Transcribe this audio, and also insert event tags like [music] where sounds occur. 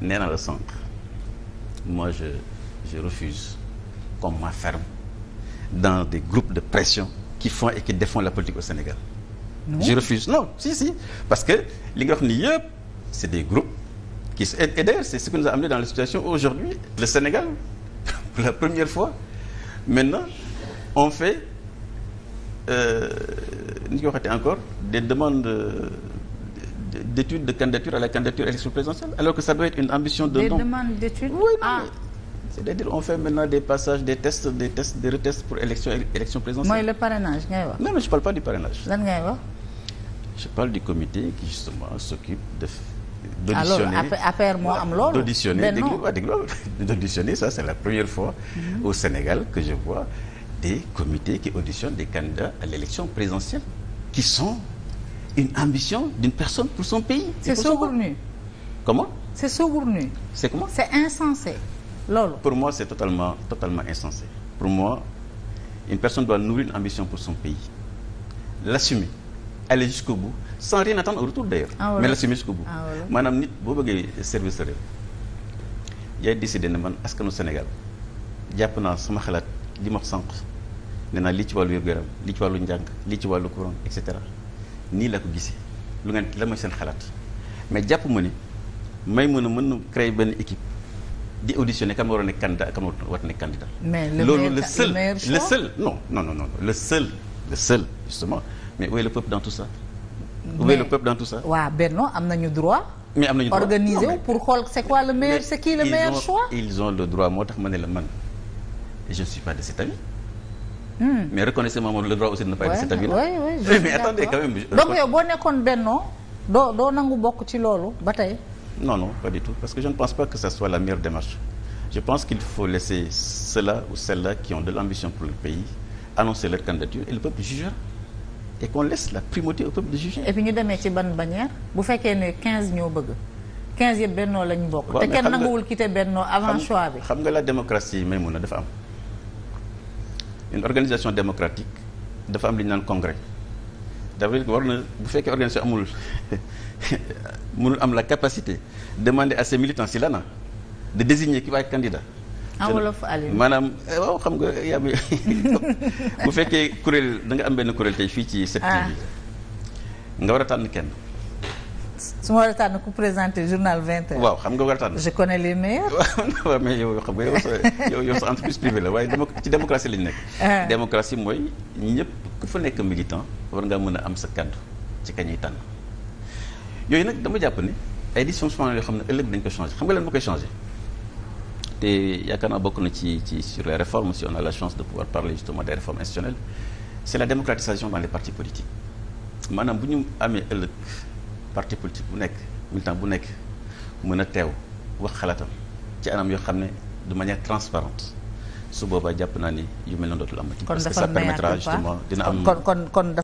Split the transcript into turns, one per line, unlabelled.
nee na la sànq moi je je refuse qu'on m'enferme dans des groupes de pression qui font et qui défendent la politique au Sénégal non. je refuse non si si parce que li nga wax ni yëpp c'est des groupes qui et d'ailleurs c'est ce qui nous a amené dans la situation aujourd'hui le Sénégal [laughs] pour la première fois maintenant on fait euh, ni ñu encore des demandes euh, d'études de candidature à la candidature à présidentielle alors que ça doit être une ambition de des nom. demandes d'études oui, ah. c'est-à-dire on fait maintenant des passages des tests des tests pour élection présidentielle. non je parle pas du parrainage. lan je parle du comité qui justement s'occupe d'auditionner alors affaire moo am loolu. d'auditionner [laughs] c'est la première fois. Mhm. au Sénégal que je vois des comités qui auditionnent des candidats à l'élection présidentielle une ambition d'une personne pour son pays. c'est saugournu. comment. c'est saugournu. c'est comment. c'est insensé loolu. pour moi c'est totalement insensé pour moi une personne doit nourrir une ambition pour son pays l'assumer aller jusqu'au bout sans rien attendre au retour d'ailleurs ah, voilà. mais l'assumer jusqu'au bout ah, maanaam nit boo bëggee service sa réew yaay décidé ne man askanu Sénégal jàpp naa sama xalaat li ma sànq nee naa lii ci wàllu wér yaram lii ci wàllu njàng lii ci wàllu courant et cetera nii la ko gisee lu ngeen la ma seen xalaat mais jàpp ma ni may mën a mën na créer benn équipe di auditionner kan waroon nekk candidat kan war nekk candidat. mais le loolu le seul le seul le seul le seul justement mais où est le peuple dans tout ça. mais où est le peuple dans tout ça. waaw Benno am nañu droit. mais am nañu droit organiser wu pour xool c'est quoi le meilleur c'est qui le meilleur choix. ils ont le droit moo tax ma ne la man je ne suis pas de cet avis. Hmm. mais reconnaissez-moi moom le droit aussi de ne pas être c'est-à-dire mais attendez quand même donc yow boo nekkoon bennoo doo doo nangu bokk ci loolu ba tey non non pas du tout parce que je ne pense pas que ça soit la meilleure démarche je pense qu'il faut laisser ceux ou celles-là qui ont de l'ambition pour le pays annoncer leur candidature et le peuple jugera et qu'on laisse la primauté au peuple de et puis ñu ci ban bannière bu fekkee ne 15 ñoo bëgg 15 yëpp bennoo lañ bokk. te kenn nanguwul quitté bennoo avant choix bi. xam nga la a une organisation démocratique dafa am li naan congrès dafa war bu fekkee organisation amul [laughs] mënul am la capacité demander à ses militants si lana de désigner ki waay maanaam eh waaw xam nga yaa [laughs] fekkee kuréel da am benn kuréel tey fii ci 7 ah. nga war a tànn kenn su ma war a tànn ku présenté journal waaw xam nga war a tànn. je connais les meilleurs. [laughs] waaw mais yow xam nga yow sa [laughs] yow yow sa entreprise privée la waaye démocratie ah. war ngaa mën am sa kàddu ci kañuy tànn yooyu nag dama jàpp ne ay dysfonctionnements yoo xam ne ëllëg dañ ko changé xam nga leen moo koy changé te yaakaar naa bokk na ci ci sur les réformes si on a la chance de pouvoir parler justement des réformes institutionnelles c'est la démocratisation dans les partis politiques maanaam bu ñu amee ëllëg. parti politique bu nekk militant bu nekk mën a teew wax xalaatam ci anam yoo xam ne ma manière transparente su boobaa jàpp naa ni yu mel noonu dootul amati. parce que ça permettra justement dina am kon kon kon.